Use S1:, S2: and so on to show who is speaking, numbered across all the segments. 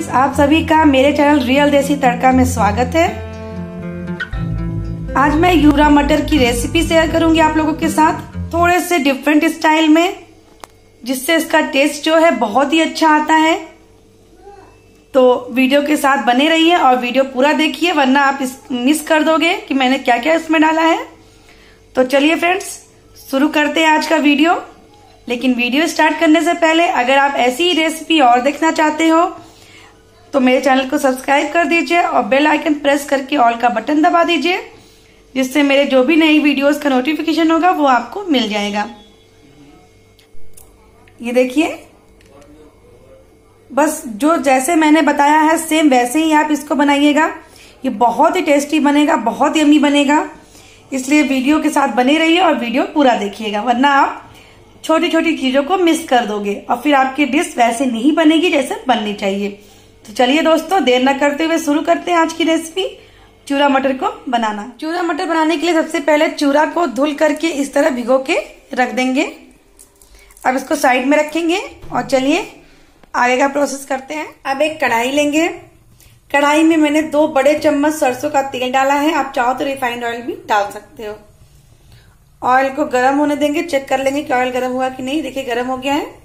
S1: friends आप सभी का मेरे चैनल रियल देसी तड़का में स्वागत है आज मैं यूरा मटर की रेसिपी शेयर करूंगी आप लोगों के साथ थोड़े से डिफरेंट स्टाइल में जिससे इसका टेस्ट जो है बहुत ही अच्छा आता है तो वीडियो के साथ बने रहिए और वीडियो पूरा देखिए वरना आप इस मिस कर दोगे कि मैंने क्या क्या इसमें डाला है तो चलिए फ्रेंड्स शुरू करते हैं आज का वीडियो लेकिन वीडियो स्टार्ट करने से पहले अगर आप ऐसी ही रेसिपी और देखना चाहते हो तो मेरे चैनल को सब्सक्राइब कर दीजिए और बेल आइकन प्रेस करके ऑल का बटन दबा दीजिए जिससे मेरे जो भी नई वीडियोस का नोटिफिकेशन होगा वो आपको मिल जाएगा ये देखिए बस जो जैसे मैंने बताया है सेम वैसे ही आप इसको बनाइएगा ये बहुत ही टेस्टी बनेगा बहुत यमी बनेगा इसलिए वीडियो के साथ बने रहिए और वीडियो पूरा देखिएगा वरना आप छोटी छोटी चीजों को मिस कर दोगे और फिर आपकी डिश वैसे नहीं बनेगी जैसे बननी चाहिए तो चलिए दोस्तों देर ना करते हुए शुरू करते हैं आज की रेसिपी चूरा मटर को बनाना चूरा मटर बनाने के लिए सबसे पहले चूरा को धुल करके इस तरह भिगो के रख देंगे अब इसको साइड में रखेंगे और चलिए आगे का प्रोसेस करते हैं अब एक कढ़ाई लेंगे कढ़ाई में मैंने दो बड़े चम्मच सरसों का तेल डाला है आप चाहो तो रिफाइंड ऑयल भी डाल सकते हो ऑयल को गर्म होने देंगे चेक कर लेंगे कि ऑयल गर्म हुआ कि नहीं देखिए गर्म हो गया है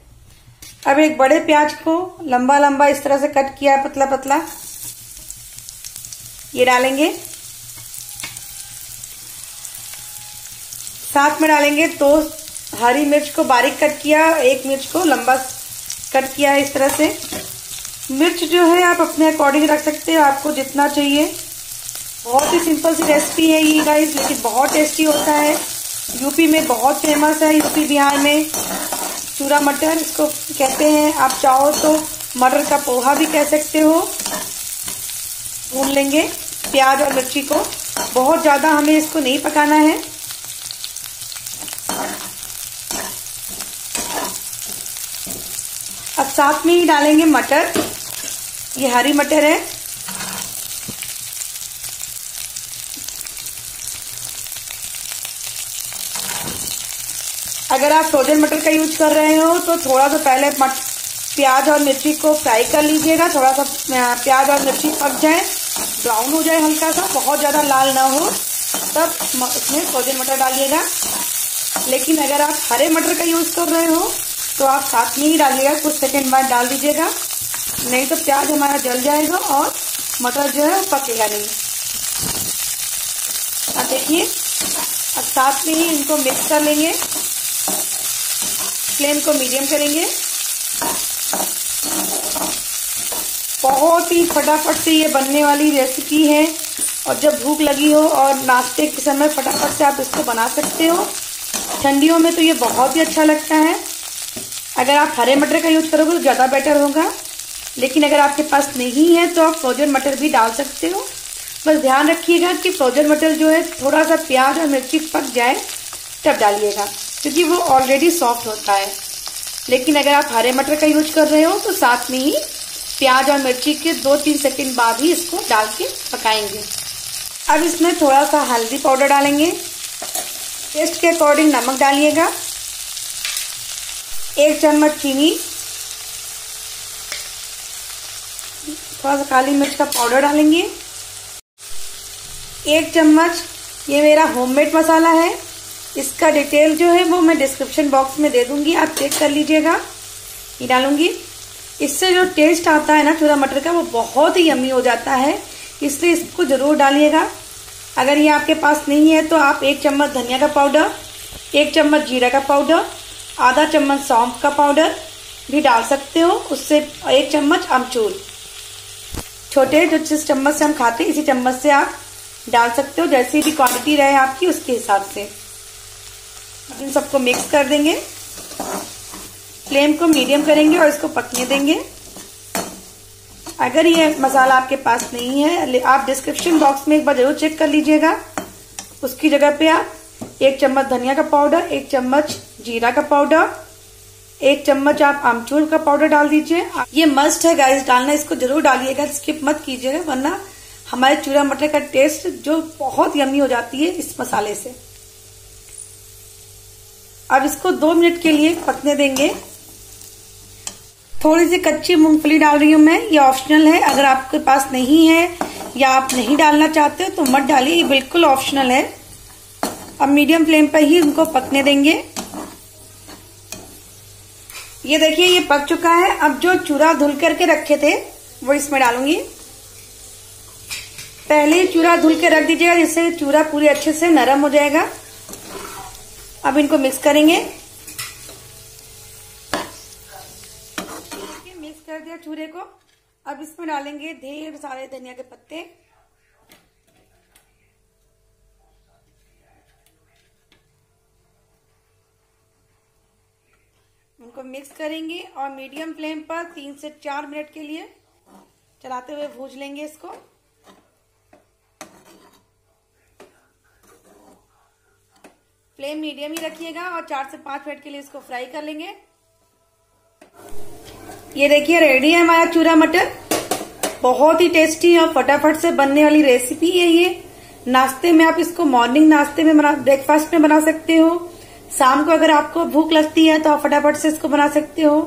S1: अब एक बड़े प्याज को लंबा लंबा इस तरह से कट किया है पतला पतला ये डालेंगे साथ में डालेंगे दो तो हरी मिर्च को बारीक कट किया एक मिर्च को लंबा कट किया है इस तरह से मिर्च जो है आप अपने अकॉर्डिंग रख सकते हो आपको जितना चाहिए बहुत ही सिंपल सी रेसिपी है ये गाइस लेकिन बहुत टेस्टी होता है यूपी में बहुत फेमस है यूपी बिहार में चूरा मटर इसको कहते हैं आप चाहो तो मटर का पोहा भी कह सकते हो भून लेंगे प्याज और मिर्ची को बहुत ज़्यादा हमें इसको नहीं पकाना है अब साथ में ही डालेंगे मटर ये हरी मटर है अगर आप फ्रोजन मटर का यूज कर रहे हो तो थोड़ा सा पहले प्याज और मिर्ची को फ्राई कर लीजिएगा थोड़ा सा प्याज और मिर्ची पक जाए ब्राउन हो जाए हल्का सा बहुत ज़्यादा लाल ना हो तब उसमें फ्रोजन मटर डालिएगा लेकिन अगर आप हरे मटर का यूज कर रहे हो तो आप साथ में ही डालिएगा कुछ सेकेंड बाद डाल दीजिएगा नहीं तो प्याज हमारा जल जाएगा और मटर जो है पकेगा नहीं अब देखिए अब साथ में ही इनको मिक्स कर लेंगे फ्लेम को मीडियम करेंगे बहुत ही फटाफट से ये बनने वाली रेसिपी है और जब भूख लगी हो और नाश्ते के समय फटाफट से आप इसको बना सकते हो ठंडियों में तो ये बहुत ही अच्छा लगता है अगर आप हरे मटर का यूज़ करोगे तो ज़्यादा बेटर होगा लेकिन अगर आपके पास नहीं है तो आप फ्रोजन मटर भी डाल सकते हो बस ध्यान रखिएगा कि फ्रोजन मटर जो है थोड़ा सा प्याज और मिर्ची पक जाए तब डालिएगा क्योंकि वो ऑलरेडी सॉफ्ट होता है लेकिन अगर आप हरे मटर का यूज कर रहे हो तो साथ में ही प्याज और मिर्ची के दो तीन सेकंड बाद ही इसको डाल के पकाएंगे अब इसमें थोड़ा सा हल्दी पाउडर डालेंगे टेस्ट के अकॉर्डिंग नमक डालिएगा एक चम्मच चीनी थोड़ा सा काली मिर्च का पाउडर डालेंगे एक चम्मच ये मेरा होममेड मसाला है इसका डिटेल जो है वो मैं डिस्क्रिप्शन बॉक्स में दे दूंगी आप चेक कर लीजिएगा ये डालूंगी इससे जो टेस्ट आता है ना छोला मटर का वो बहुत ही यमी हो जाता है इसलिए इसको ज़रूर डालिएगा अगर ये आपके पास नहीं है तो आप एक चम्मच धनिया का पाउडर एक चम्मच जीरा का पाउडर आधा चम्मच सौंफ का पाउडर भी डाल सकते हो उससे एक चम्मच अमचूर छोटे जो जिस चम्मच से हम खाते हैं इसी चम्मच से आप डाल सकते हो जैसी भी क्वांटिटी रहे आपकी उसके हिसाब से अब इन सबको मिक्स कर देंगे फ्लेम को मीडियम करेंगे और इसको पकने देंगे अगर ये मसाला आपके पास नहीं है आप डिस्क्रिप्शन बॉक्स में एक बार जरूर चेक कर लीजिएगा उसकी जगह पे आप एक चम्मच धनिया का पाउडर एक चम्मच जीरा का पाउडर एक चम्मच आप आमचूर का पाउडर डाल दीजिए ये मस्ट है गाइस डालना इसको जरूर डालिएगा स्किप मत कीजिएगा वरना हमारे चूरा मटर का टेस्ट जो बहुत यमी हो जाती है इस मसाले से अब इसको दो मिनट के लिए पकने देंगे थोड़ी सी कच्ची मूंगफली डाल रही हूँ मैं ये ऑप्शनल है अगर आपके पास नहीं है या आप नहीं डालना चाहते हो तो मत डालिए ये बिल्कुल ऑप्शनल है अब मीडियम फ्लेम पर ही उनको पकने देंगे ये देखिए ये पक चुका है अब जो चूरा धुल करके रखे थे वो इसमें डालूंगी पहले ही चूरा धुल के रख दीजिएगा जिससे चूरा पूरे अच्छे से नरम हो जाएगा अब इनको मिक्स करेंगे मिक्स कर दिया चूरे को अब इसमें डालेंगे ढेर सारे धनिया के पत्ते इनको मिक्स करेंगे और मीडियम फ्लेम पर तीन से चार मिनट के लिए चलाते हुए भूज लेंगे इसको फ्लेम मीडियम ही रखिएगा और चार से पांच मिनट के लिए इसको फ्राई कर लेंगे ये देखिए रेडी है हमारा चूरा मटर बहुत ही टेस्टी और फटाफट से बनने वाली रेसिपी है ये नाश्ते में आप इसको मॉर्निंग नाश्ते में बना ब्रेकफास्ट में बना सकते हो शाम को अगर आपको भूख लगती है तो आप फटाफट से इसको बना सकते हो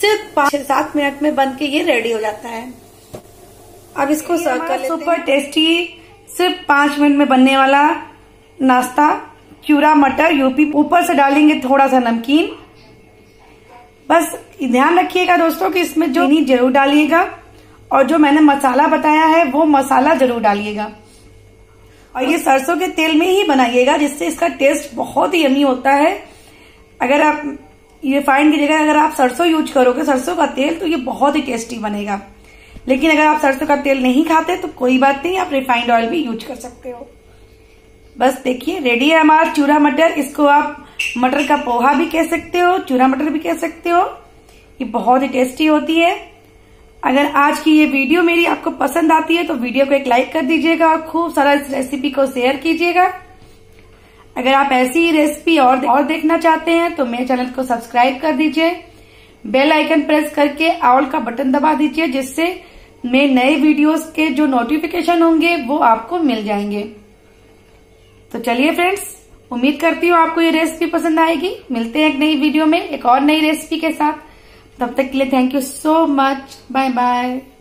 S1: सिर्फ पांच से सात मिनट में बन के ये रेडी हो जाता है अब इसको सर्व कर सुपर टेस्टी सिर्फ पांच मिनट में बनने वाला नाश्ता क्यूरा मटर यूपी ऊपर से डालेंगे थोड़ा सा नमकीन बस ध्यान रखिएगा दोस्तों कि इसमें जो चीनी जरूर डालिएगा और जो मैंने मसाला बताया है वो मसाला जरूर डालिएगा और ये सरसों के तेल में ही बनाइएगा जिससे इसका टेस्ट बहुत ही यमी होता है अगर आप रिफाइंड की जगह अगर आप सरसों यूज करोगे सरसों का तेल तो ये बहुत ही टेस्टी बनेगा लेकिन अगर आप सरसों का तेल नहीं खाते तो कोई बात नहीं आप रिफाइंड ऑयल भी यूज कर सकते हो बस देखिए रेडी है हमारा चूरा मटर इसको आप मटर का पोहा भी कह सकते हो चूरा मटर भी कह सकते हो ये बहुत ही टेस्टी होती है अगर आज की ये वीडियो मेरी आपको पसंद आती है तो वीडियो को एक लाइक कर दीजिएगा और खूब सारा इस रेसिपी को शेयर कीजिएगा अगर आप ऐसी ही रेसिपी और और देखना चाहते हैं तो मेरे चैनल को सब्सक्राइब कर दीजिए बेल आइकन प्रेस करके आउल का बटन दबा दीजिए जिससे मेरे नए वीडियोस के जो नोटिफिकेशन होंगे वो आपको मिल जाएंगे तो चलिए फ्रेंड्स उम्मीद करती हूँ आपको ये रेसिपी पसंद आएगी मिलते हैं एक नई वीडियो में एक और नई रेसिपी के साथ तब तक के लिए thank you so much bye bye